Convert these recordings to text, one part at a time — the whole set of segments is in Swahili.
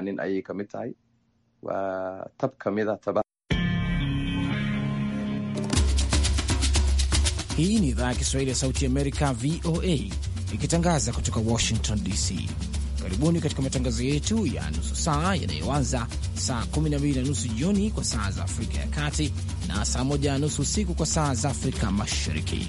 nin ayay kamid tahay waa tab ka mida ah Hii ni idhaa ya Kiswahili ya Sauti Amerika, VOA, ikitangaza kutoka Washington DC. Karibuni katika matangazo yetu ya nusu saa yanayoanza saa 12 na nusu jioni kwa saa za Afrika ya Kati na saa 1 na nusu usiku kwa saa za Afrika Mashariki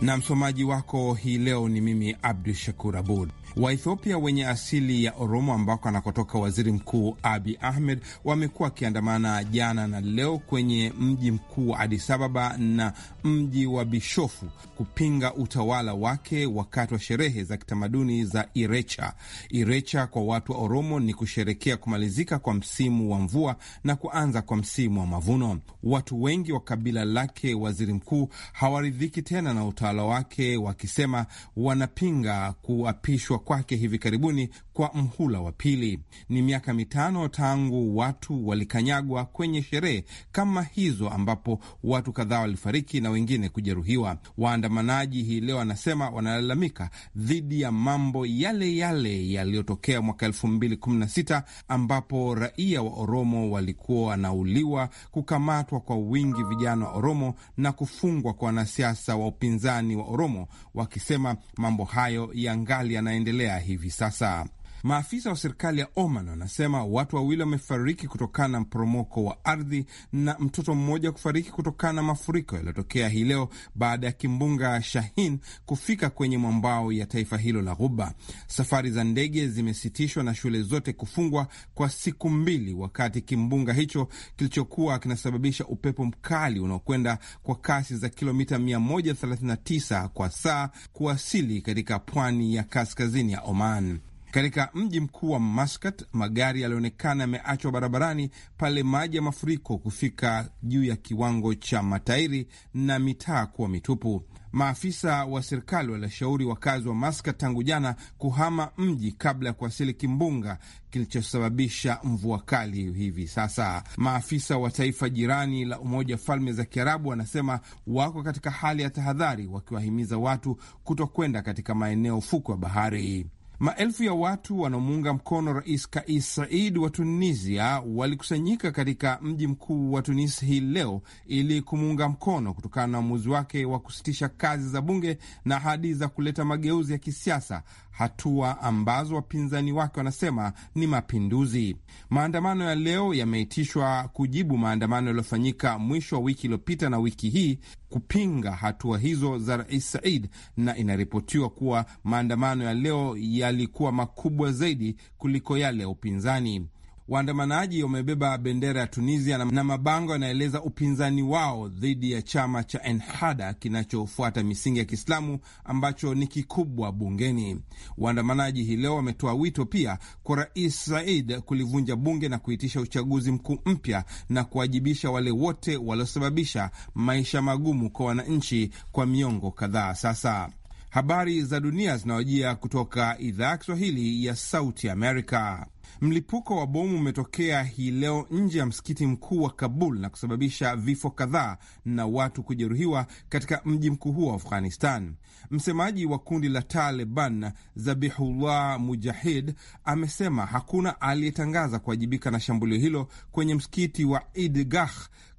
na msomaji wako hii leo ni mimi Abdu Shakur Abud. Waethiopia wenye asili ya Oromo ambako anakotoka waziri mkuu Abi Ahmed wamekuwa wakiandamana jana na leo kwenye mji mkuu wa Adis Ababa na mji wa Bishofu kupinga utawala wake wakati wa sherehe za kitamaduni za Irecha. Irecha kwa watu wa Oromo ni kusherekea kumalizika kwa msimu wa mvua na kuanza kwa msimu wa mavuno. Watu wengi wa kabila lake waziri mkuu hawaridhiki tena na utawala mawakala wake wakisema wanapinga kuapishwa kwake hivi karibuni kwa mhula wa pili. Ni miaka mitano tangu watu walikanyagwa kwenye sherehe kama hizo, ambapo watu kadhaa walifariki na wengine kujeruhiwa. Waandamanaji hii leo wanasema wanalalamika dhidi ya mambo yale yale yaliyotokea mwaka elfu mbili kumi na sita ambapo raia wa Oromo walikuwa wanauliwa, kukamatwa kwa wingi vijana wa Oromo na kufungwa kwa wanasiasa wa upinzani ndani wa Oromo wakisema mambo hayo yangali yanaendelea hivi sasa. Maafisa wa serikali ya Oman wanasema watu wawili wamefariki kutokana na mporomoko wa ardhi na mtoto mmoja kufariki kutokana na mafuriko yaliyotokea hii leo baada ya kimbunga Shahin kufika kwenye mwambao ya taifa hilo la Ghuba. Safari za ndege zimesitishwa na shule zote kufungwa kwa siku mbili, wakati kimbunga hicho kilichokuwa kinasababisha upepo mkali unaokwenda kwa kasi za kilomita 139 kwa saa kuwasili katika pwani ya kaskazini ya Oman. Katika mji mkuu wa Maskat, magari yalionekana yameachwa barabarani pale maji ya mafuriko kufika juu ya kiwango cha matairi na mitaa kuwa mitupu. Maafisa wa serikali walishauri wakazi wa Maskat tangu jana kuhama mji kabla ya kuwasili kimbunga kilichosababisha mvua kali hivi sasa. Maafisa wa taifa jirani la Umoja wa Falme za Kiarabu wanasema wako katika hali ya tahadhari, wakiwahimiza watu kutokwenda katika maeneo ufukwe ya bahari. Maelfu ya watu wanaomuunga mkono Rais Kais Said wa Tunisia walikusanyika katika mji mkuu wa Tunis hii leo ili kumuunga mkono kutokana na uamuzi wake wa kusitisha kazi za bunge na ahadi za kuleta mageuzi ya kisiasa hatua ambazo wapinzani wake wanasema ni mapinduzi. Maandamano ya leo yameitishwa kujibu maandamano yaliyofanyika mwisho wa wiki iliyopita na wiki hii kupinga hatua hizo za Rais Said, na inaripotiwa kuwa maandamano ya leo yalikuwa makubwa zaidi kuliko yale ya upinzani. Waandamanaji wamebeba bendera ya Tunisia na mabango yanaeleza upinzani wao dhidi ya chama cha Ennahda kinachofuata misingi ya Kiislamu ambacho ni kikubwa bungeni. Waandamanaji hii leo wametoa wito pia kwa Rais Said kulivunja bunge na kuitisha uchaguzi mkuu mpya na kuwajibisha wale wote waliosababisha maisha magumu kwa wananchi kwa miongo kadhaa sasa. Habari za dunia zinawajia kutoka idhaa ya Kiswahili ya Sauti Amerika. Mlipuko wa bomu umetokea hii leo nje ya msikiti mkuu wa Kabul na kusababisha vifo kadhaa na watu kujeruhiwa katika mji mkuu huo wa Afghanistan. Msemaji wa kundi la Taliban Zabihullah Mujahid amesema hakuna aliyetangaza kuwajibika na shambulio hilo kwenye msikiti wa Idgah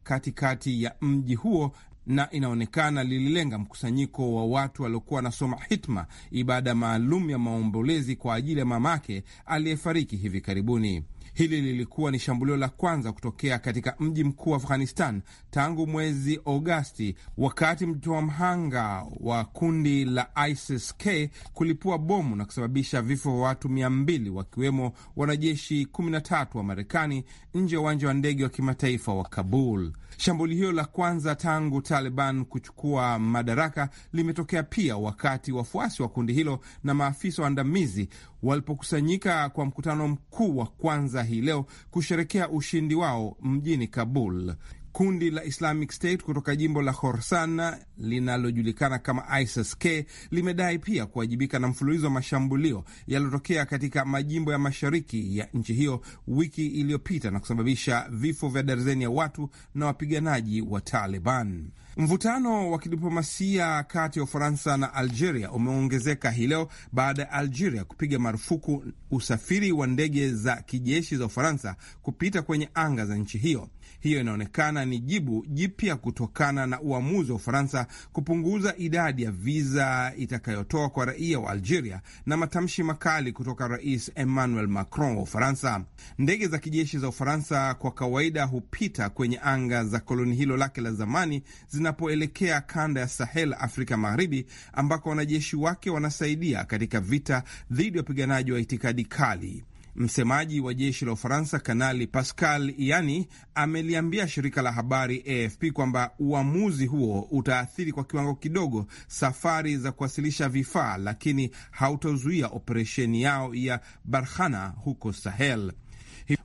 katikati ya mji huo na inaonekana lililenga mkusanyiko wa watu waliokuwa wanasoma hitma, ibada maalum ya maombolezi kwa ajili ya mamake aliyefariki hivi karibuni. Hili lilikuwa ni shambulio la kwanza kutokea katika mji mkuu wa Afghanistan tangu mwezi Agosti, wakati mtoa mhanga wa kundi la ISIS-K kulipua bomu na kusababisha vifo vya watu mia mbili wakiwemo wanajeshi 13 wa Marekani nje ya uwanja wa ndege wa kimataifa wa Kabul. Shambulio la kwanza tangu Taliban kuchukua madaraka limetokea pia wakati wafuasi wa kundi hilo na maafisa waandamizi walipokusanyika kwa mkutano mkuu wa kwanza hii leo kusherekea ushindi wao mjini Kabul. Kundi la Islamic State kutoka jimbo la Khorasan linalojulikana kama ISIS-K limedai pia kuwajibika na mfululizo wa mashambulio yaliyotokea katika majimbo ya mashariki ya nchi hiyo wiki iliyopita na kusababisha vifo vya darzeni ya watu na wapiganaji wa Taliban. Mvutano wa kidiplomasia kati ya Ufaransa na Algeria umeongezeka hii leo baada ya Algeria kupiga marufuku usafiri wa ndege za kijeshi za Ufaransa kupita kwenye anga za nchi hiyo hiyo inaonekana ni jibu jipya kutokana na uamuzi wa Ufaransa kupunguza idadi ya viza itakayotoa kwa raia wa Algeria na matamshi makali kutoka Rais Emmanuel Macron wa Ufaransa. Ndege za kijeshi za Ufaransa kwa kawaida hupita kwenye anga za koloni hilo lake la zamani zinapoelekea kanda ya Sahel, Afrika Magharibi, ambako wanajeshi wake wanasaidia katika vita dhidi ya wapiganaji wa itikadi kali. Msemaji wa jeshi la Ufaransa Kanali Pascal Yani ameliambia shirika la habari AFP kwamba uamuzi huo utaathiri kwa kiwango kidogo safari za kuwasilisha vifaa, lakini hautazuia operesheni yao ya barhana huko Sahel.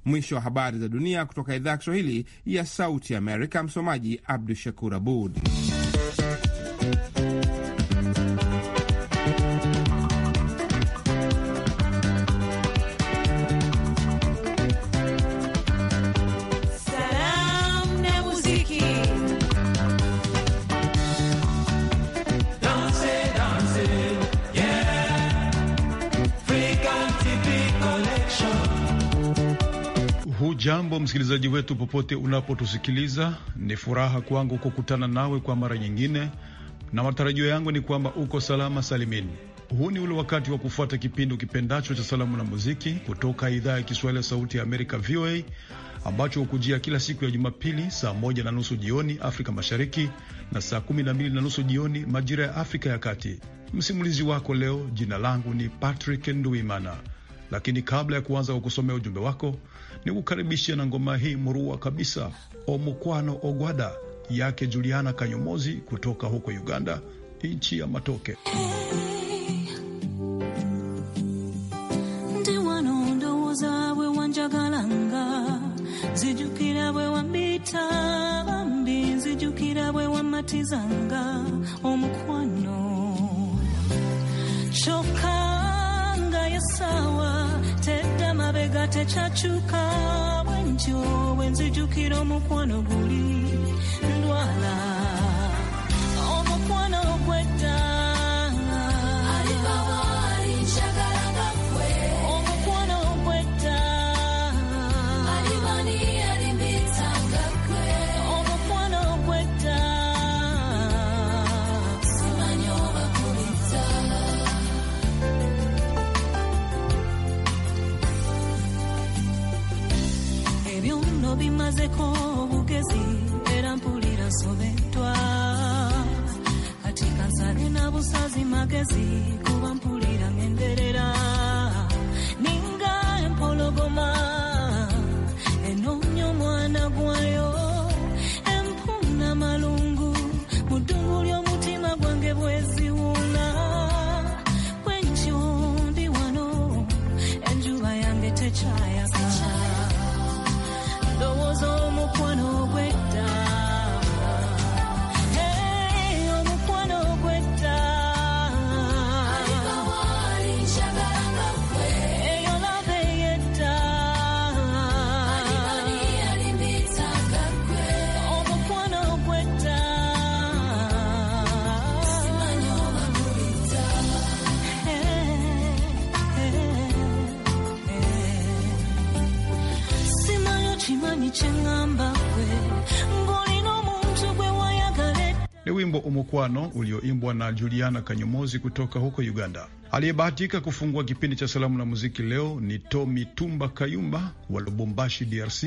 Mwisho wa habari za dunia kutoka idhaa ya Kiswahili ya Sauti Amerika. Msomaji Abdu Shakur Abud. Hujambo msikilizaji wetu popote unapotusikiliza, ni furaha kwangu kukutana nawe kwa mara nyingine, na matarajio yangu ni kwamba uko salama salimini. Huu ni ule wakati wa kufuata kipindi kipendacho cha salamu na muziki kutoka idhaa ya Kiswahili ya Sauti ya Amerika, VOA, ambacho hukujia kila siku ya Jumapili saa moja na nusu jioni Afrika Mashariki na saa kumi na mbili na nusu jioni majira ya Afrika ya Kati. Msimulizi wako leo, jina langu ni Patrick Nduimana, lakini kabla ya kuanza kwa kusomea ujumbe wako ni kukaribisha na ngoma hii murua kabisa omukwano ogwada yake Juliana Kanyomozi kutoka huko Uganda, nchi ya matoke. zijukira omukwano nga tekyakyuka bwenjo bwenzijjukira omukwano guli kuba mpulira Mkwano ulioimbwa na Juliana Kanyomozi kutoka huko Uganda. Aliyebahatika kufungua kipindi cha salamu na muziki leo ni Tomi Tumba Kayumba wa Lubumbashi, DRC.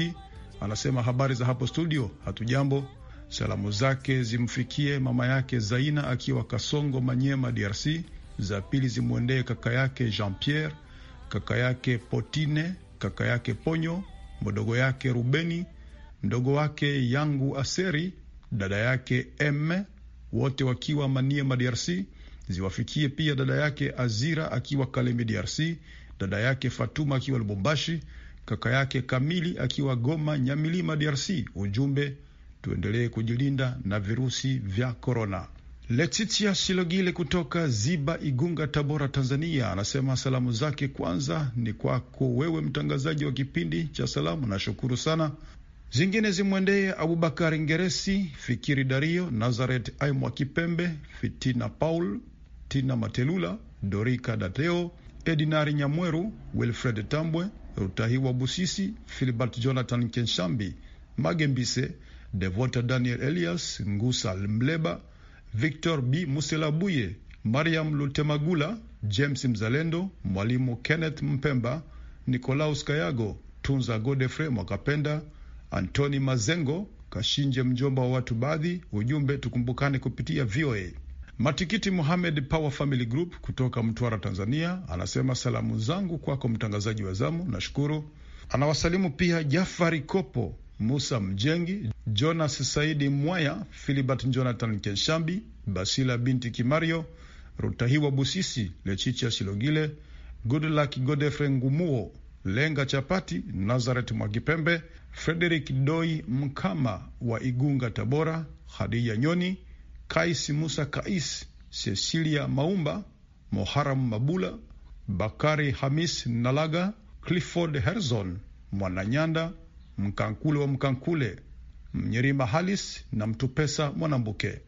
Anasema habari za hapo studio, hatujambo. Salamu zake zimfikie mama yake Zaina akiwa Kasongo, Manyema, DRC. Za pili zimwendee kaka yake Jean Pierre, kaka yake Potine, kaka yake Ponyo, mdogo yake Rubeni, mdogo wake yangu Aseri, dada yake Emme wote wakiwa Maniema DRC, ziwafikie pia dada yake Azira akiwa Kalemi DRC, dada yake Fatuma akiwa Lubumbashi, kaka yake Kamili akiwa Goma Nyamilima DRC. Ujumbe, tuendelee kujilinda na virusi vya korona. Letitia Silogile kutoka Ziba, Igunga, Tabora, Tanzania, anasema salamu zake kwanza ni kwako wewe mtangazaji wa kipindi cha salamu. Nashukuru sana zingine zimwendee Abubakar Ngeresi, Fikiri Dario, Nazaret Aimwa Kipembe, Fitina Paul, Tina Matelula, Dorika Dateo, Edinari Nyamweru, Wilfred Tambwe, Rutahiwa Busisi, Filibert Jonathan Kenshambi, Magembise, Devota Daniel Elias, Ngusa Mleba, Victor B Muselabuye, Mariam Lutemagula, James Mzalendo, Mwalimu Kenneth Mpemba, Nikolaus Kayago, Tunza Godefrey Mwakapenda Antoni Mazengo Kashinje, mjomba wa watu baadhi. Ujumbe tukumbukane kupitia VOA. Matikiti Mohamed Power Family Group kutoka Mtwara, Tanzania, anasema salamu zangu kwako mtangazaji wa zamu, nashukuru. Anawasalimu pia Jafari Kopo, Musa Mjengi, Jonas Saidi Mwaya, Filibert Jonathan Kenshambi, Basila binti Kimario, Rutahiwa Busisi, Lechicha Silogile, Goodluck Godefre Ngumuo, Lenga Chapati, Nazaret Mwakipembe, Frederik Doi Mkama wa Igunga, Tabora, Hadija Nyoni, Kais Musa Kais, Cecilia Maumba, Moharam Mabula, Bakari Hamis Nalaga, Clifford Herzon, Mwananyanda Mkankule wa Mkankule, Mnyerima Halis na Mtupesa Mwanambuke.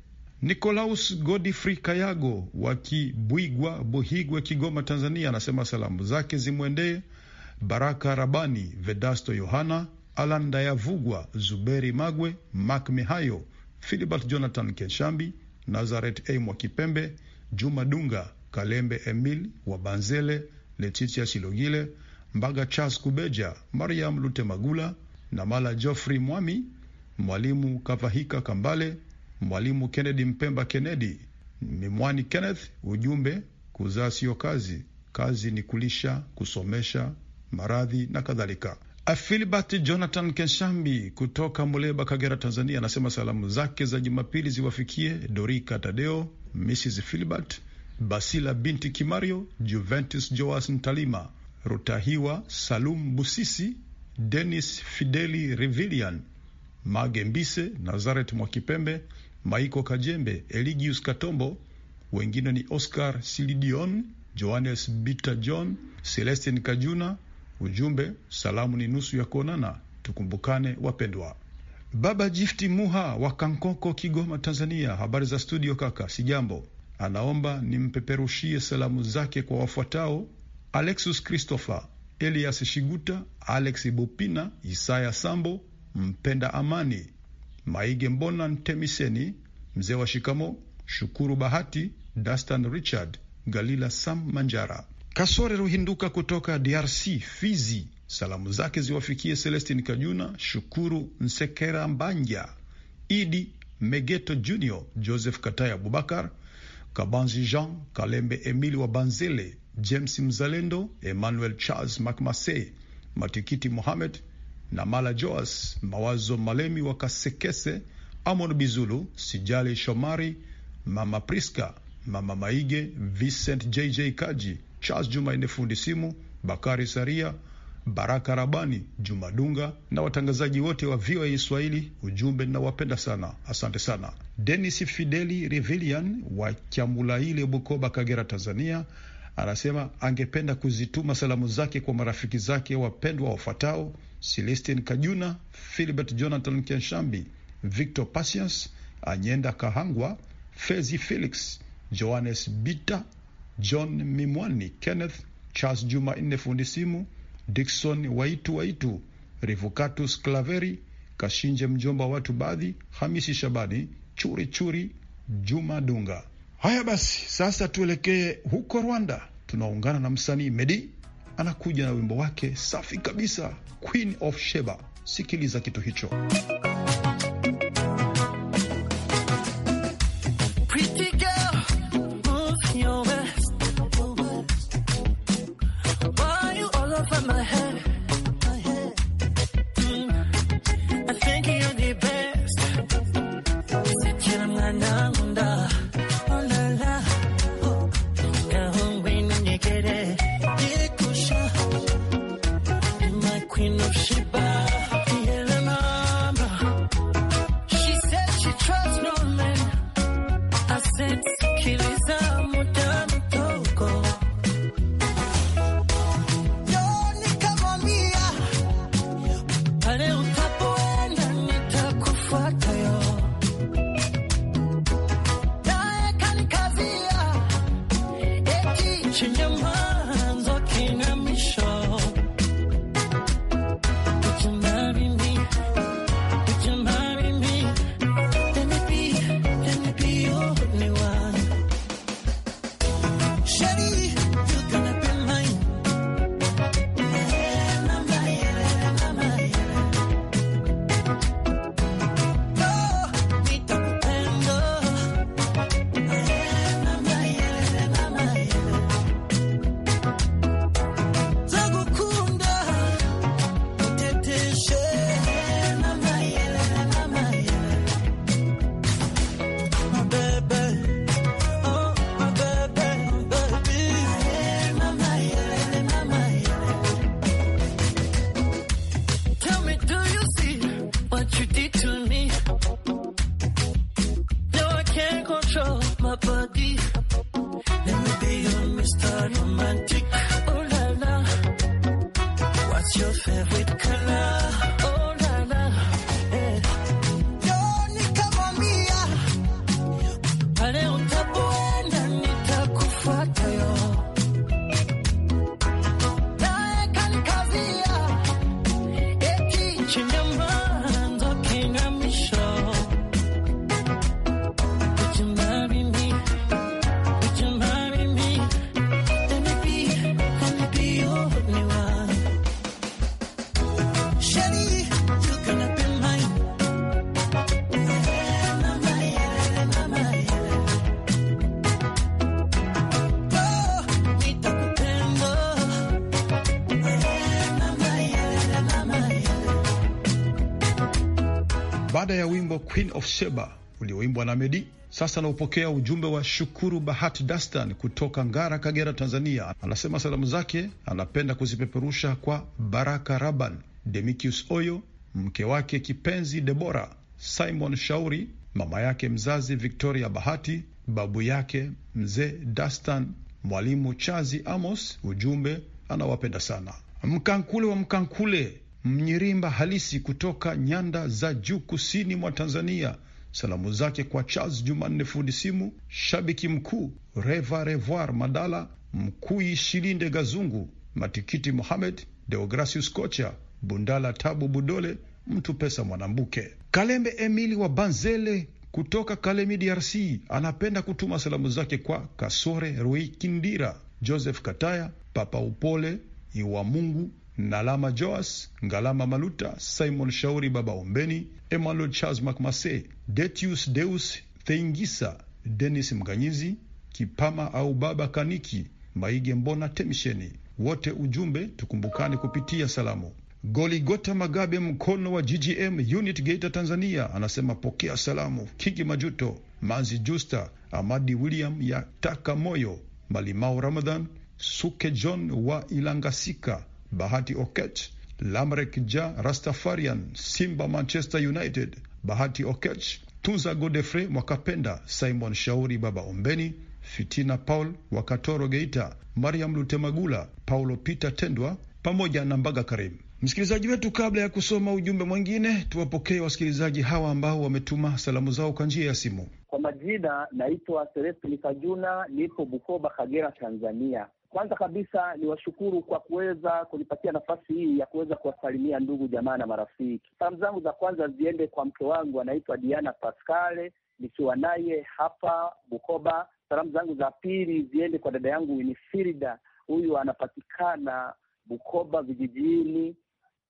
Nikolaus Godfrey Kayago wa Kibwigwa, Buhigwe, Kigoma, Tanzania, anasema salamu zake zimwendee Baraka Rabani, Vedasto Yohana, Alan Dayavugwa, Zuberi Magwe, Mark Mihayo, Filibert Jonathan Kenshambi, Nazaret A Mwakipembe, Juma Dunga, Kalembe Emil Wabanzele, Letitia Silogile, Mbaga Charles Kubeja, Mariam Lute Magula, Namala Geoffrey Mwami, Mwalimu Kavahika Kambale, Mwalimu Kennedy Mpemba Kennedy, Mimwani Kenneth. Ujumbe, kuzaa sio kazi, kazi ni kulisha, kusomesha, maradhi na kadhalika. filibert Jonathan Keshambi kutoka Muleba, Kagera, Tanzania, anasema salamu zake za Jumapili ziwafikie Dorika Tadeo, Mrs filibert Basila, binti Kimario, Juventus Joas Ntalima, Rutahiwa Salum Busisi, Denis Fideli Revilian Magembise, Nazaret Mwakipembe, Maiko Kajembe, Eligius Katombo. Wengine ni Oscar Silidion, Johannes Bita John, Celestin Kajuna Ujumbe, salamu ni nusu ya kuonana, tukumbukane wapendwa. Baba Jifti Muha wa Kankoko, Kigoma, Tanzania, habari za studio kaka? si jambo Anaomba nimpeperushie salamu zake kwa wafuatao: Alexus Christopher, Elias Shiguta, Alex Bupina, Isaya Sambo, Mpenda Amani, Maige Mbona, Ntemiseni, mzee wa shikamo, Shukuru Bahati, Dastan Richard, Galila Sam Manjara. Kasore Ruhinduka kutoka DRC Fizi, salamu zake ziwafikie Celestin Kajuna, Shukuru Nsekera Mbanja, Idi Megeto Junior, Joseph Kataya, Abubakar Kabanzi, Jean Kalembe, Emili wa Banzele, James Mzalendo, Emmanuel Charles Macmasey, Matikiti Mohamed na Mala Joas, Mawazo Malemi wa Kasekese, Amon Bizulu, Sijali Shomari, Mama Priska, Mama Maige, Vincent JJ Kaji Charles Jumanne, fundi simu, Bakari Saria, Baraka Rabani, Juma Dunga na watangazaji wote wa VOA Swahili. Ujumbe, ninawapenda sana, asante sana. Denis Fideli Revilian wa Chamulaile, Bukoba, Kagera, Tanzania, anasema angependa kuzituma salamu zake kwa marafiki zake wapendwa wafuatao: Celestin Kajuna, Philbert Jonathan Kenshambi, Victor Patience, Anyenda Kahangwa, Fezi Felix, Johannes Bita John Mimwani, Kenneth Charles, Jumanne fundi simu, Dickson Waitu Waitu, Revocatus Claveri, Kashinje mjomba wa watu baadhi, Hamisi Shabani Churi Churi, Juma Dunga. Haya basi, sasa tuelekee huko Rwanda. Tunaungana na msanii Medi, anakuja na wimbo wake safi kabisa, Queen of Sheba. Sikiliza kitu hicho. Queen of Sheba ulioimbwa na Medi. Sasa naupokea ujumbe wa Shukuru Bahati Dastan kutoka Ngara, Kagera, Tanzania. Anasema salamu zake anapenda kuzipeperusha kwa Baraka Raban, Demikius Oyo, mke wake kipenzi Debora, Simon Shauri, mama yake mzazi Victoria Bahati, babu yake mzee Dastan, mwalimu Chazi Amos. Ujumbe anawapenda sana. Mkankule wa Mkankule Mnyirimba halisi kutoka nyanda za juu kusini mwa Tanzania. Salamu zake kwa Charles Jumanne fundi simu, shabiki mkuu Reva Revoir Madala, Mkui Shilinde Gazungu, Matikiti Mohamed, Deogratius Kocha, Bundala Tabu Budole, mtu pesa Mwanambuke. Kalembe Emili wa Banzele kutoka Kalemi, DRC, anapenda kutuma salamu zake kwa Kasore Ruikindira, Joseph Kataya, Papa Upole Iwa Mungu Nalama Joas, Ngalama Maluta, Simon Shauri, Baba Ombeni, Emmanuel Charles Macmase, Detius Deus Theingisa, Denis Mganyizi, Kipama au Baba Kaniki, Maige Mbona Temisheni, wote ujumbe tukumbukane kupitia salamu. Goligota Magabe mkono wa GGM unit Geita Tanzania anasema pokea salamu. Kingi Majuto, Manzi Justa, Amadi William ya taka moyo, Malimao Ramadhan, Suke John wa Ilangasika Bahati Okech, Lamrek Ja Rastafarian, Simba Manchester United, Bahati Okech, tunza Godefrey Mwakapenda, Simon Shauri, Baba Ombeni, Fitina Paul Wakatoro Geita, Mariam Lutemagula, Paulo Peter Tendwa pamoja na Mbaga Karim. Msikilizaji wetu, kabla ya kusoma ujumbe mwingine, tuwapokee wasikilizaji hawa ambao wametuma salamu zao kwa njia ya simu. Kwa majina naitwa Selestini Kajuna, nipo Bukoba, Kagera, Tanzania. Kwanza kabisa ni washukuru kwa kuweza kunipatia nafasi hii ya kuweza kuwasalimia ndugu jamaa na marafiki. Salamu zangu za kwanza ziende kwa mke wangu anaitwa Diana Pascale, nikiwa naye hapa Bukoba. Salamu zangu za pili ziende kwa dada yangu Winifrida, huyu anapatikana Bukoba vijijini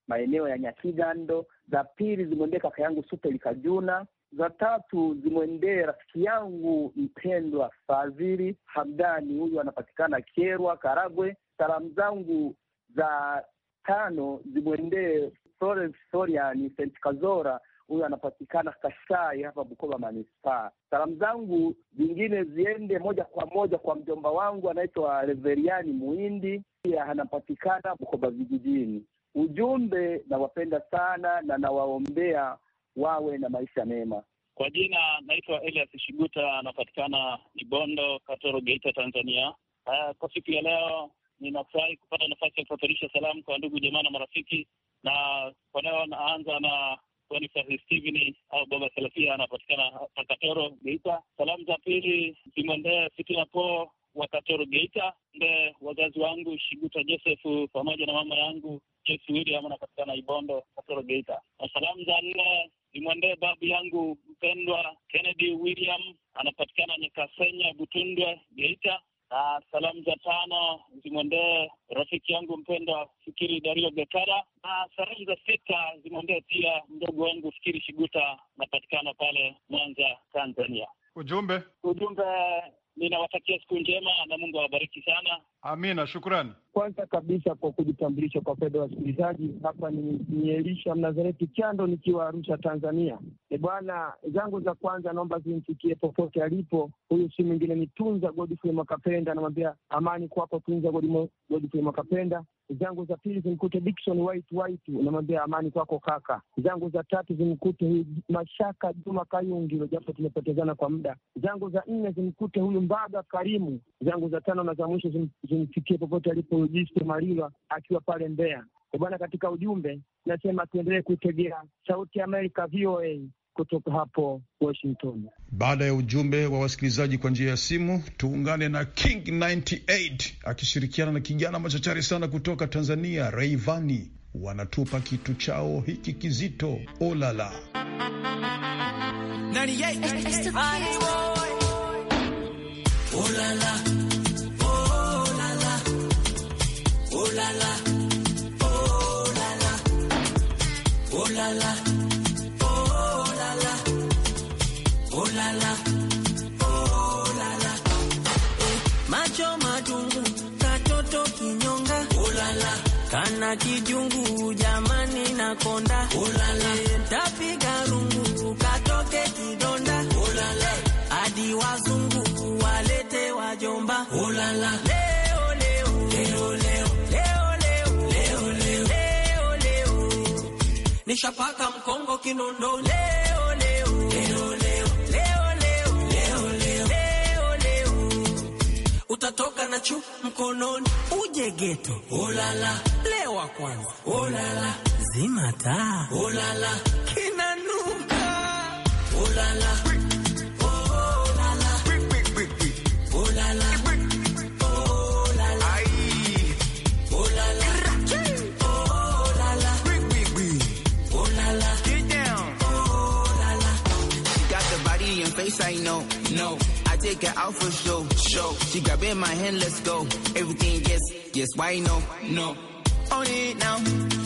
maeneo ya Nyakigando. Za pili zimwendee kaka yangu Supeli Kajuna za tatu zimwendee rafiki yangu mpendwa Fadhili Hamdani, huyu anapatikana Kyerwa, Karagwe. Salamu zangu za tano zimwendee Florence Sorian St Kazora, huyu anapatikana Kasai hapa Bukoba manispaa. Salamu zangu zingine ziende moja kwa moja kwa mjomba wangu anaitwa Reveriani Muhindi, pia anapatikana Bukoba vijijini. Ujumbe, nawapenda sana na nawaombea wawe na maisha mema. Kwa jina naitwa Elias Shiguta, anapatikana Ibondo, Katoro, Geita, Tanzania. Uh, kwa siku ya leo ninafurahi kupata nafasi ya kupeperusha salamu kwa ndugu jamaa na marafiki, na kwa leo naanza na Steven au Baba Selafia, anapatikana hapa Katoro, Geita. Salamu za pili zimwendee Fitina Po wa Katoro, Geita, nde wazazi wangu Shiguta Josefu pamoja na mama yangu Jesi William, anapatikana Ibondo, Katoro, Geita. Na salamu za nne nimwendee babu yangu mpendwa Kennedy William, anapatikana Nyakasenya, Butundwe, Geita, na salamu za tano zimwendee rafiki yangu mpendwa Fikiri Dario Gekara, na salamu za sita zimwendee pia mdogo wangu Fikiri Shiguta, anapatikana pale Mwanza, Tanzania. Ujumbe ujumbe ninawatakia siku njema na Mungu awabariki sana. Amina, shukrani. Kwanza kabisa kwa kujitambulisha kwa fedha wasikilizaji, hapa ni, ni Elisha Mnazareti Chando nikiwa Arusha, Tanzania. E bwana zangu za kwanza naomba zimfikie popote alipo huyu, si mwingine ni Tunza Godfrey Mwakapenda. namwambia amani kwako Tunza Godfrey Mwakapenda, zangu za pili zimkute Dickson White White, namwambia amani kwako kaka. Zangu za tatu zimkute huyu Mashaka Juma Kayungi, japo tumepotezana kwa muda. Zangu za nne zimkute huyu Mbaga Karimu. Zangu za tano na za mwisho zimfikie popote alipo Jiste Malilwa akiwa pale Mbeya. Bwana, katika ujumbe nasema tuendelee kuitegea Sauti ya Amerika VOA kutoka hapo Washington. Baada ya ujumbe wa wasikilizaji kwa njia ya simu, tuungane na King 98 akishirikiana na kijana machachari sana kutoka Tanzania, Rayvanny. Wanatupa kitu chao hiki kizito, olala 98, 98. Olala. kijungu jamani, na konda tapiga rungu katoke kidonda hadi wazungu walete wajomba Ulala. Nishapaka mkongo kinondo leo, leo. Leo, leo. utatoka na chu mkononi uje geto. Olala lewa kwanza, olala zima taa, olala kinanuka, olala take her out for show, show. She grab in my hand, let's go. Everything yes, yes, why no, no. On it now,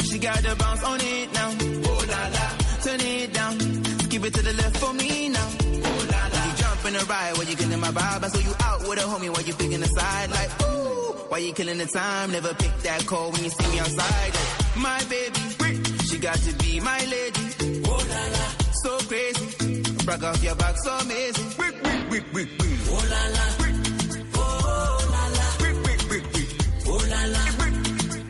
she got the bounce on it now. Oh la la, turn it down, skip it to the left for me now. Oh la la, you jump in the ride while you killing my vibe. I saw you out with a homie while you picking the side like ooh. Why you killing the time? Never pick that call when you see me outside. Like, my baby, she got to be my lady. Oh la la, so crazy Brag off your back so amazing. Quick, quick, quick, quick, quick. Oh la la.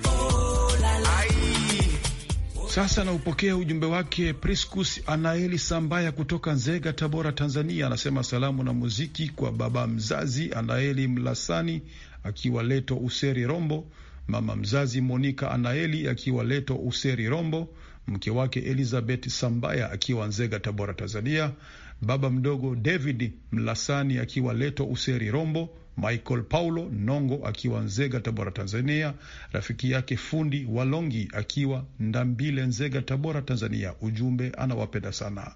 Oh la la. Oh, Sasa naupokea ujumbe wake Priscus Anaeli Sambaya kutoka Nzega, Tabora, Tanzania. Anasema salamu na muziki kwa baba mzazi Anaeli Mlasani akiwa Leto Useri Rombo, mama mzazi Monika Anaeli akiwa Leto Useri Rombo, mke wake Elizabeth Sambaya akiwa Nzega, Tabora, Tanzania, baba mdogo David Mlasani akiwa Leto Useri Rombo, Michael Paulo Nongo akiwa Nzega, Tabora, Tanzania, rafiki yake fundi Walongi akiwa Ndambile, Nzega, Tabora, Tanzania. Ujumbe, anawapenda sana.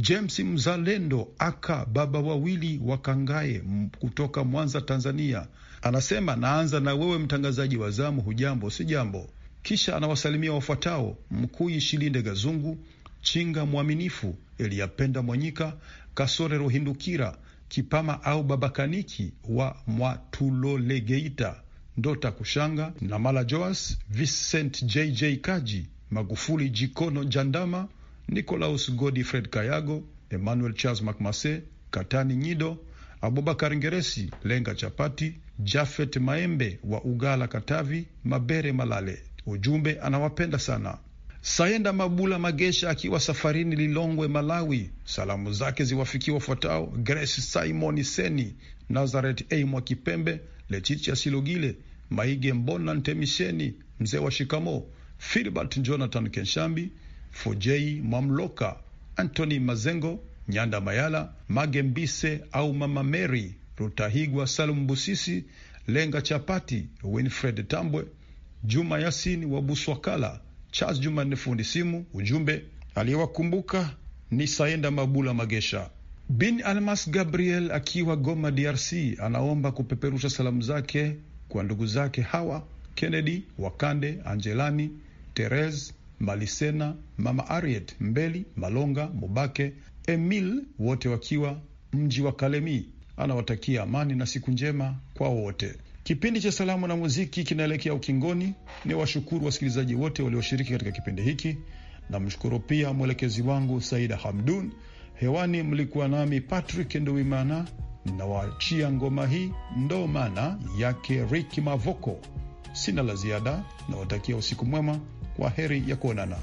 James Mzalendo aka baba wawili wa Kangae kutoka Mwanza, Tanzania, anasema naanza na wewe mtangazaji wa zamu, hujambo? Si jambo kisha anawasalimia wafuatao: Mkuyi Shilinde Gazungu, Chinga Mwaminifu, Eliyapenda Mwanyika, Kasore Ruhindukira, Kipama au Babakaniki wa Mwatulolegeita, Ndota Kushanga na Mala Joas, Vincent JJ Kaji, Magufuli Jikono Jandama, Nicolaus Godifred Kayago, Emmanuel Charles Macmase, Katani Nyido, Abubakar Ngeresi, Lenga Chapati, Jafet Maembe wa Ugala Katavi, Mabere Malale Ujumbe anawapenda sana. Sayenda Mabula Magesha akiwa safarini Lilongwe, Malawi, salamu zake ziwafikie wafuatao: Grace Simon Seni, Nazaret A Mwakipembe, Letitia Silogile, Maige Mbona Ntemisheni, mzee wa shikamo, Filbert Jonathan Kenshambi, Fojei Mwamloka, antony Mazengo, Nyanda Mayala, Magembise au Mama Mary Rutahigwa, Salum Busisi, Lenga Chapati, Winfred Tambwe Juma Yasin wa Buswakala, Charles Jumanne fundi simu. Ujumbe aliyewakumbuka ni Saenda Mabula Magesha. Bin Almas Gabriel akiwa Goma, DRC, anaomba kupeperusha salamu zake kwa ndugu zake hawa: Kennedy Wakande, Angelani, Therese Malisena, Mama Ariet Mbeli, Malonga Mubake, Emil, wote wakiwa mji wa Kalemi. Anawatakia amani na siku njema kwa wote. Kipindi cha salamu na muziki kinaelekea ukingoni. Ni washukuru wasikilizaji wote walioshiriki katika kipindi hiki. Namshukuru pia mwelekezi wangu Saida Hamdun. Hewani mlikuwa nami Patrick Nduwimana. Nawaachia ngoma hii ndo maana yake Riki Mavoko. Sina la ziada, nawatakia usiku mwema. Kwa heri ya kuonana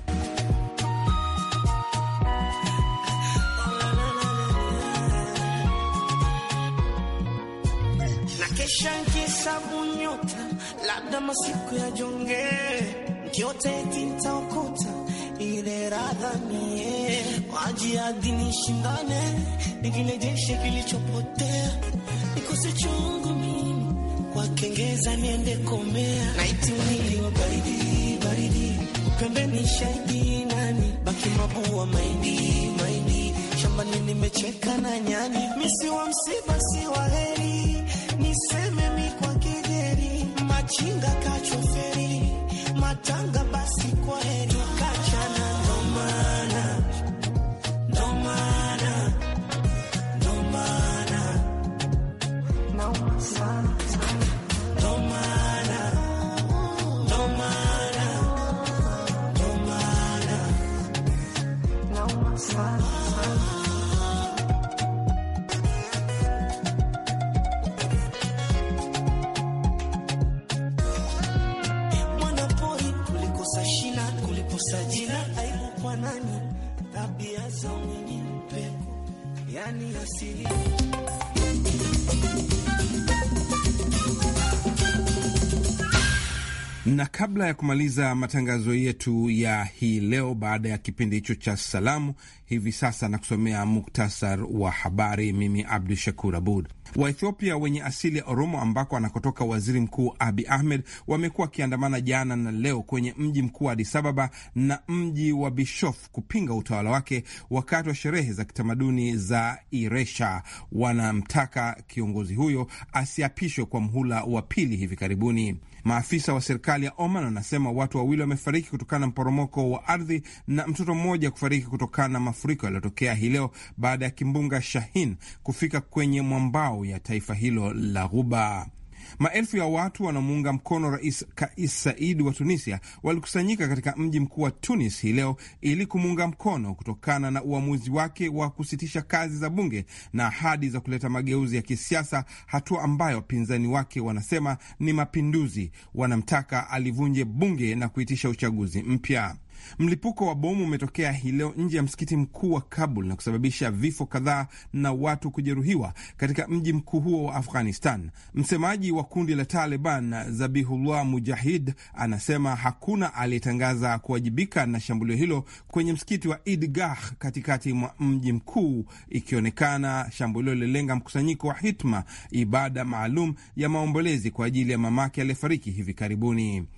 hesabu nyota, labda masiku ya jonge kitaokota ile waji adini shindane kilichopotea nikose chungu mimi kwa kengeza niende komea naiti mwili wa baridi baridi nani baki mabua maindi maindi shambani nimecheka na nyani misi wa msiba si waheri machinga kachoferi matanga basi kwa Na kabla ya kumaliza matangazo yetu ya hii leo, baada ya kipindi hicho cha salamu, hivi sasa nakusomea muktasar wa habari. Mimi Abdu Shakur Abud. Waethiopia wenye asili ya Oromo ambako anakotoka waziri mkuu Abi Ahmed wamekuwa wakiandamana jana na leo kwenye mji mkuu wa adisababa Ababa na mji wa Bishof kupinga utawala wake wakati wa sherehe za kitamaduni za Iresha. Wanamtaka kiongozi huyo asiapishwe kwa mhula wa pili hivi karibuni. Maafisa wa serikali ya Oman wanasema watu wawili wamefariki kutokana na mporomoko wa ardhi na mtoto mmoja kufariki kutokana na mafuriko yaliyotokea hii leo baada ya kimbunga Shahin kufika kwenye mwambao ya taifa hilo la Ghuba. Maelfu ya watu wanaomuunga mkono Rais Kais Saidi wa Tunisia walikusanyika katika mji mkuu wa Tunis hii leo ili kumuunga mkono kutokana na uamuzi wake wa kusitisha kazi za bunge na ahadi za kuleta mageuzi ya kisiasa, hatua ambayo wapinzani wake wanasema ni mapinduzi. Wanamtaka alivunje bunge na kuitisha uchaguzi mpya. Mlipuko wa bomu umetokea hii leo nje ya msikiti mkuu wa Kabul na kusababisha vifo kadhaa na watu kujeruhiwa katika mji mkuu huo wa Afghanistan. Msemaji wa kundi la Taliban Zabihullah Mujahid anasema hakuna aliyetangaza kuwajibika na shambulio hilo kwenye msikiti wa Idgah katikati mwa mji mkuu, ikionekana shambulio lilenga mkusanyiko wa hitma, ibada maalum ya maombolezi kwa ajili ya mamake aliyefariki hivi karibuni.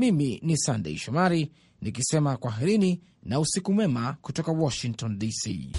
mimi ni Sandei Shomari nikisema kwaherini na usiku mwema kutoka Washington DC.